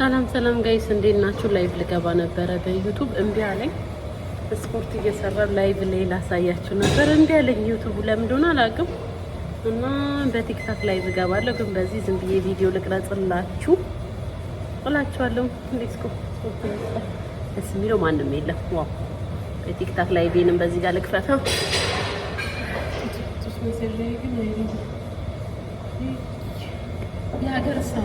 ሰላም ሰላም ጋይስ እንዴት ናችሁ? ላይቭ ልገባ ነበረ በዩቱብ እምቢ አለኝ። ስፖርት እየሰራ ላይቭ ላይ ላሳያችሁ ነበር እምቢ አለኝ ዩቱብ ለምን እንደሆነ አላውቅም። እና በቲክታክ ላይቭ እገባለሁ ግን በዚህ ዝም ብዬ ቪዲዮ ልቅረጽላችሁ እላችኋለሁ። እንዴት እስኮ ደስ የሚለው ማንም የለም። ዋው በቲክታክ ላይቬንም በዚህ ጋር ልክፈት ነው የሀገር ሰው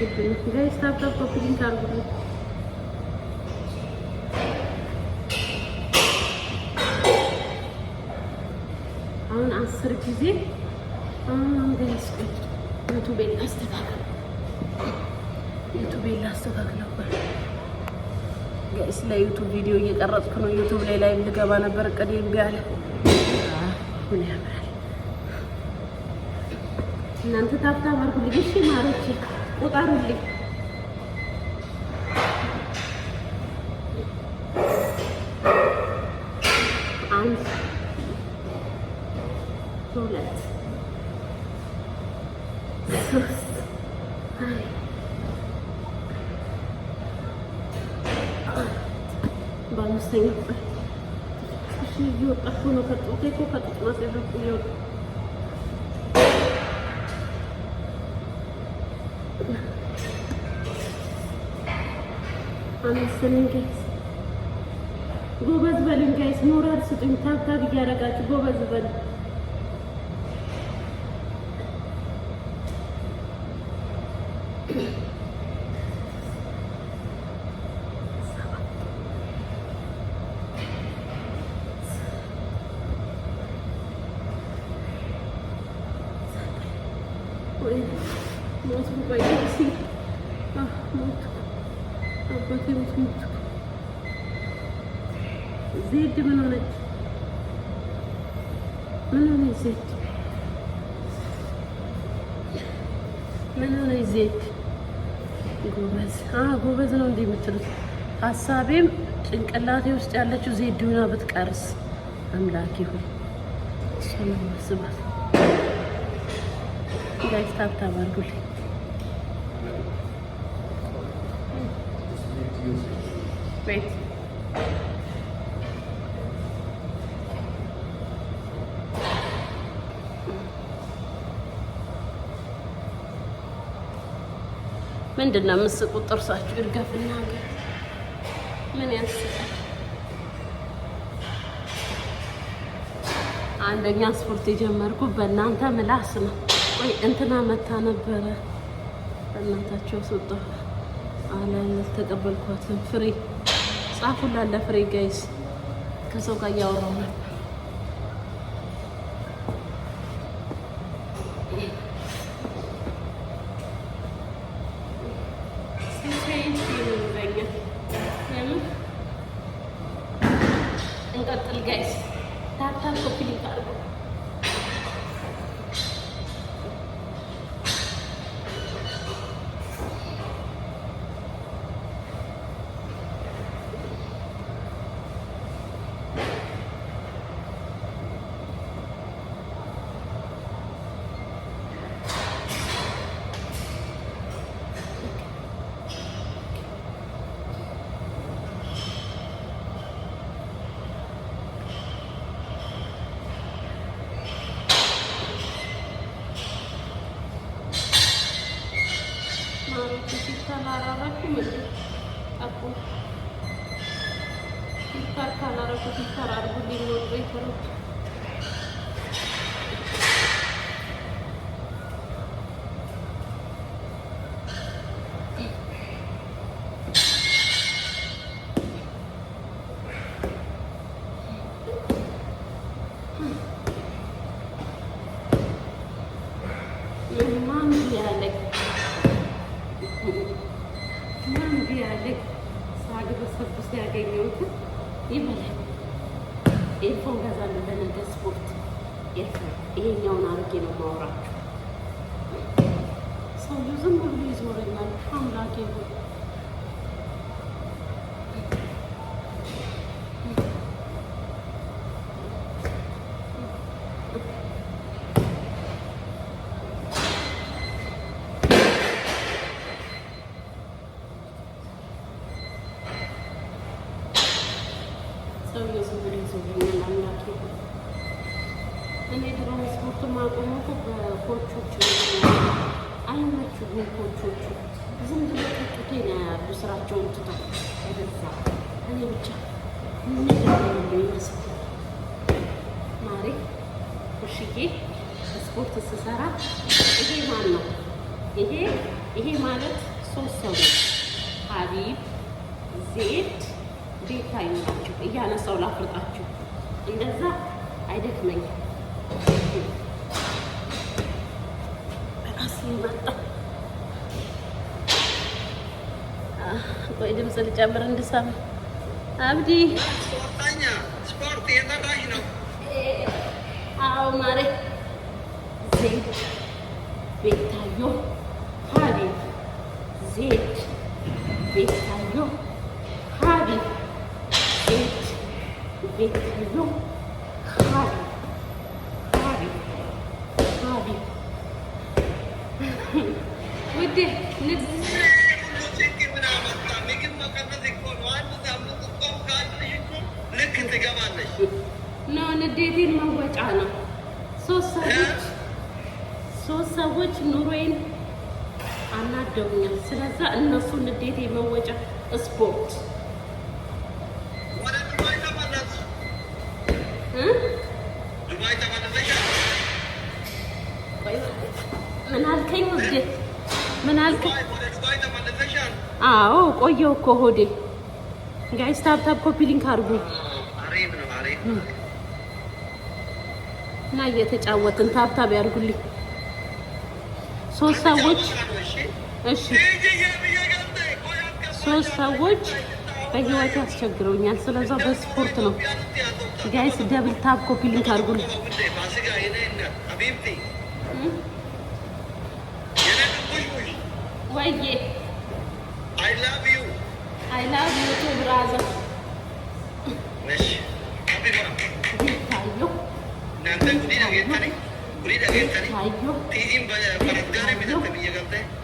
አስገቡኝ። ጋይስ ታብታብ ኮፒ ሊንክ አድርጉልኝ። አሁን አስር ጊዜ ጋይስ ዩቱቤን ላስተካክል፣ ዩቱቤን ላስተካክል ጋይስ። ለዩቱብ ቪዲዮ እየቀረጽኩ ነው። ዩቱብ ላይ ላይቭ ልገባ ነበር እቅድ ምን ያምራል እናንተ o barulho. Vamos, Senhor. Estou cheio de outra forma para tudo. Tem que colocar tudo na terra, Senhor. መሰለኝ ጋይስ። ጎበዝ በሉኝ ጋይስ፣ ሞራል ስጡኝ። ታብታብ እያደረጋችሁ ጎበዝ በሉ። ዜድ ምን ሆነች? ምን ሆነች ዜድ? ምን ሆነች ዜድ? ጎበዝ ጎበዝ ነው እንዲህ የምትሉት ሀሳቤም ጭንቅላቴ ውስጥ ያለችው ዜድ ሆና ብትቀርስ አምላክ ይሁን። እሷ ነው ማስባት። ጋይስ ታብታብ አድርጉልኝ። Wait. ምንድን ነው የምትስቁት? ጥርሳችሁ ይርገፍና ምን ያስቃል? አንደኛ ስፖርት የጀመርኩ በእናንተ ምላስ ነው። ቆይ እንትና መታ ነበረ በእናታቸው ስወጣ አላለት ተቀበልኳትን ፍሬ ጻፉላለ ፍሬ ጋይስ ከሰው ጋር እያወራሁ ነው። እንቀጥል ጋይስ ታታ ኮፒ ተማራራችሁ ምግብ አቁ ሲታር ካላረኩት ሲታር አርጉልኝ ነው ቤተሮች Mom, yeah, like እና እንዲህ ያለ ሳግበሰብስ ያገኘሁትን ይበላል። ኤርፎን ገዛለሁ ለነገ ስፖርት ይሄኛውን አድርጌ ነው የማወራችሁ። ሰውዬው ዝም ብሎ ይዞረኛል። አምላኬ ይሄ ይሄ ማለት ሶስት ሰው ነው። ሀቢብ ዜድ ቤታ ይሆናችሁ እያነሳው ላፍርጣችሁ እንደዛ አይደክመኝም። በራስ ይመጣ ወይ ድምፅ ልጨምር እንድሰማ አብዲ ስፖርት የጠራሽ ነው። አዎ ማሬ ዜድ ቤታዮ ዜድ ቤታዮ ሀቢብ ዜድ ቤታዮ ሀቢብ ሀቢብ ሀቢብ ውዴ ንዴቴን መወጫ ነው። ሶስት ሰዎች ኑሮዬን አይወደውኝም። ስለዛ እነሱ ንዴት የመወጫ ስፖርት አዎ ቆየው እኮ ሆዴ ጋይስ ታብታብ ኮፒ ሊንክ አድርጉ እና እየተጫወትን ታብታብ ያድርጉልኝ ሶስት ሰዎች እሺ ሶስት ሰዎች በህይወት ያስቸግረውኛል። ስለዛ በስፖርት ነው ጋይስ። ደብል ታፕ ኮፒ ሊንክ አድርጉልኝ። ወይዬ አይ ላቭ ዩ አይ ላቭ ዩ ቱ ብራዘር ታዩ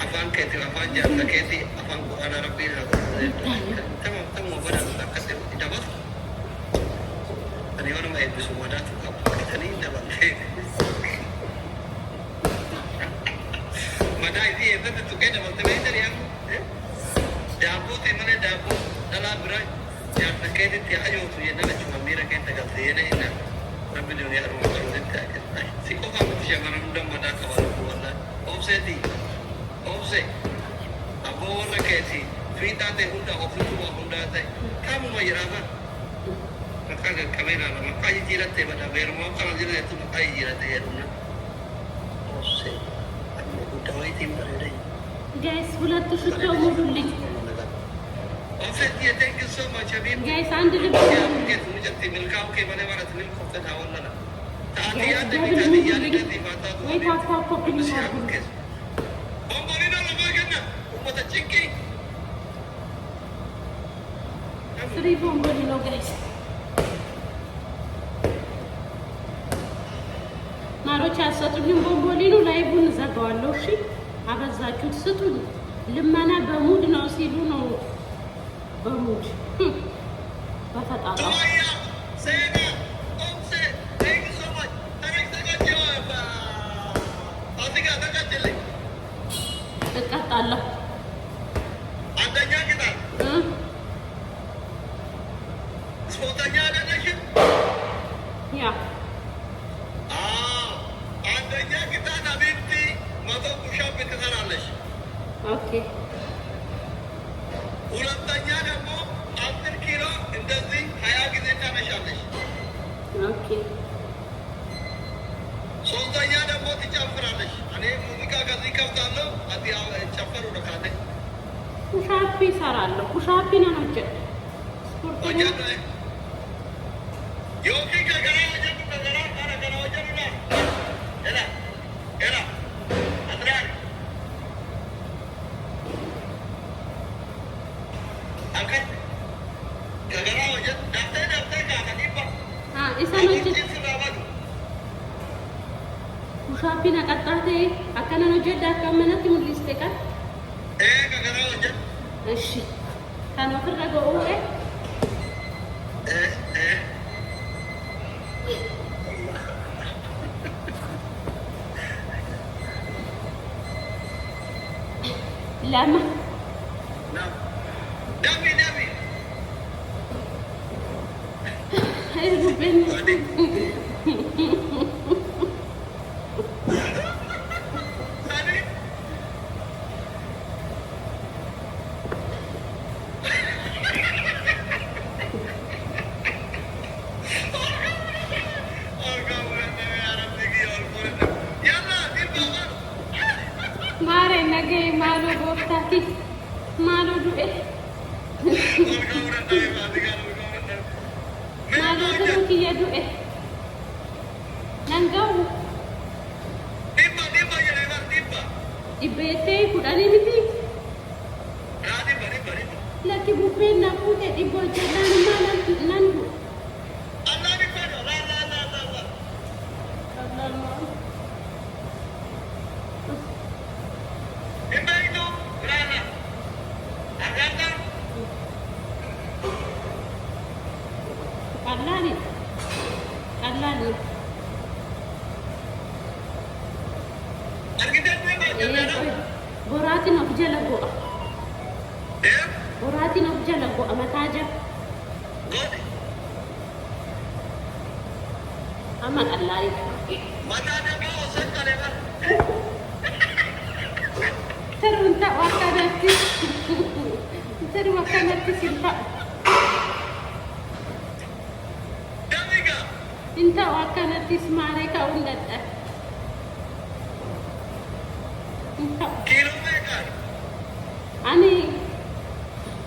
Afan keti apa aja? Keti apa? Anak Arab bilang. Tapi kaga kamera la ma kaji jira te bada ber mo kala jira te ma kaji jira te eruna osse anne kuta wai tim bare dai guys bulat to shutta umur dulli okay ये thank you so much अभी guys आन deliver आपके तुम जब मिल का ओके मैंने वाला तुम को पता हो ना तादिया दे तादिया दे दी बात तो वही पास पास को पिन मार बम बोली ना लगा के ना उम्मत चिक्की सरी बम बोली लो guys አትሰጡኝም። ቦምቦሊኑ ላይቡን ዘጋዋለሁ። እሺ አበዛችሁት። ስጡኝ። ልመና በሙድ ነው ሲሉ ነው በሙድ በፈጣጣ እቀጣለሁ። ያ ሻፕ ትሰራለሽ። ኦኬ። ሁለተኛ ደግሞ አስር ኪሎ እንደዚህ ሀያ ጊዜ ታነሻለሽ። ኦኬ። ሶስተኛ ደግሞ ትጨፍራለሽ። እኔ ሙዚቃ ከዚህ ከፍታለሁ። እዚህ ጨፈሩ ደካለሽ። ኩሻፒ ይሰራለሁ። ኩሻፒ ነው ነው ስፖርት Lama. Dami, dami. Ay, Ruben. ማሎ ዱኤ ማለዱ ዱኤ rumah kanan tercinta. Inta wakana tismare ka undata. Inta. Kilometer. Ani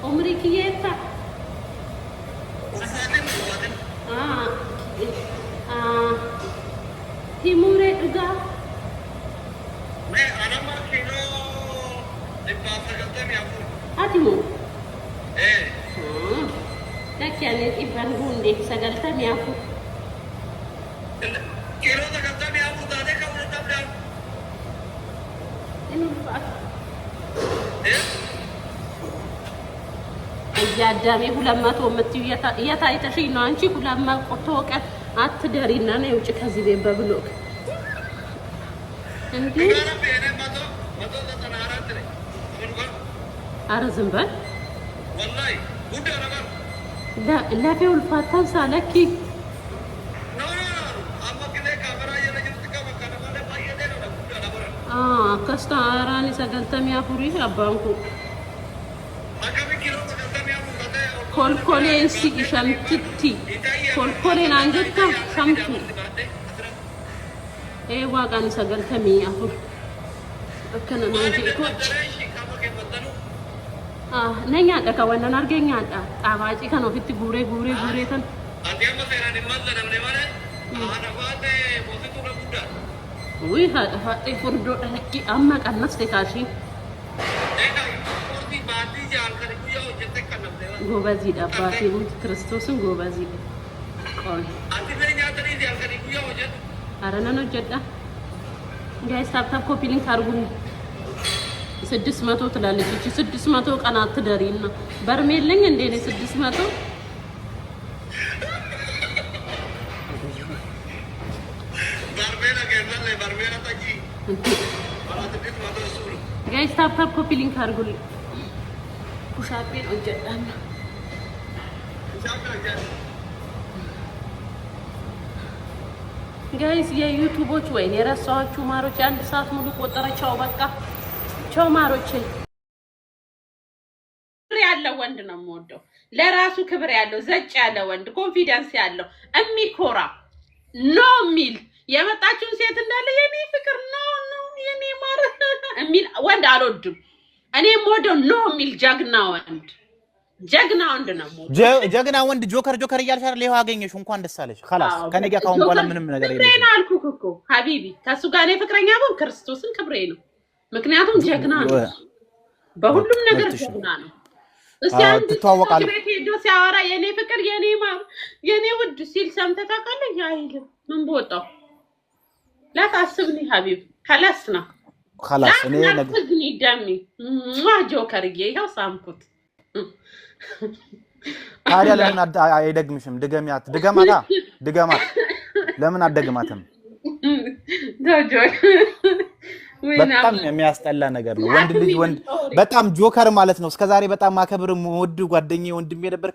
umri ki eta. Ah. Ah. Timure uga. मैं आराम किलो दिपासा करते मैं आपको हाँ तिमूर Lakkiaan dhibbaan hundee sagaltamii afur. Kiiloo sagaltamii afur taatee kan fudhatamuu dhaaf. Inni ulfaata. እያዳሜ ሁለት መቶ የምትይው እየታይተሽኝ ነው አንቺ። ሁለት መቶ ተወቀት አትደሪና ነይ ውጭ ከዚህ ቤት በብሎክ እንዴ! ኧረ ዝም በል lafee ulfaataan saalakkii akkas taa'aaraan sagaltamii afurii abbaan kun kolkoleensi shamtitti kolkoleen aan jetta shamtu eewaa qaani sagaltamii afur akka namaa jee kochi Nyaanyaadha kan waan argee nyaadha. Xaabaacii kan ofitti guuree guuree guuree kan. Ati amma seenaan hin maxxanamne malee haadha faatee mootitu na guddaa. Wii haadha faatee furdoo dhalaqqi amma qannafte kaashii. Gobaziidha abbaatii bulti kiristoosin gobaziidha. Qooli. Ati mee nyaatanii jaalkanii guyyaa hojjetu. Hara nan hojjedha. Gaa'is taaptaap koppiliin kaarguun. ስድስት መቶ ትላለች። እቺ ስድስት መቶ ቀን አትደሪና በርሜልኝ እንዴ ነው ስድስት መቶ ጋይስ ታፕታፕ ኮፒ ሊንክ አድርጉልኝ። ጋይስ የዩቱቦች ወይን የረሳኋችሁ ማሮች የአንድ ሰዓት ሙሉ ቆጠረቻው በቃ ቸው ማሮችን ያለው ወንድ ነው የምወደው። ለራሱ ክብር ያለው ዘጭ ያለ ወንድ፣ ኮንፊደንስ ያለው እሚኮራ ኖ የሚል የመጣችውን ሴት እንዳለ የኔ ፍቅር ኖ ኖ የኔ ማር የሚል ወንድ አልወድም። እኔ የምወደው ኖ የሚል ጀግና ወንድ ጀግና ወንድ ነው። ጀግና ወንድ ጆከር ጆከር እያልሽ አይደል? ይኸው አገኘሽ፣ እንኳን ደስ አለሽ። ኸላስ ከነገ ካሁን በኋላ ምንም ነገር የለም አልኩህ እኮ ሀቢቢ። ከእሱ ጋር እኔ ፍቅረኛ ብሆን ክርስቶስን ክብሬ ነው። ምክንያቱም ጀግና ነው፣ በሁሉም ነገር ጀግና ነው። እስቲ አንድ ቤት ሄዶ ሲያወራ የኔ ፍቅር የኔ ማር የኔ ውድ ሲል ሰምተህ ታውቃለህ? አይልም። ምን በወጣው ላታስብኒ ሀቢብ ከለስ ነው ከላስ እኔ ነግዝኒ ደሚ ጆከርዬ፣ ይኸው ሳምኩት። ታዲያ ለምን አይደግምሽም? ድገሚያት፣ ድገማታ፣ ድገማት። ለምን አደግማትም? ጆጆ በጣም የሚያስጠላ ነገር ነው። ወንድ ልጅ ወንድ በጣም ጆከር ማለት ነው። እስከዛሬ በጣም ማከብር ወድ ጓደኛዬ ወንድሜ ነበር።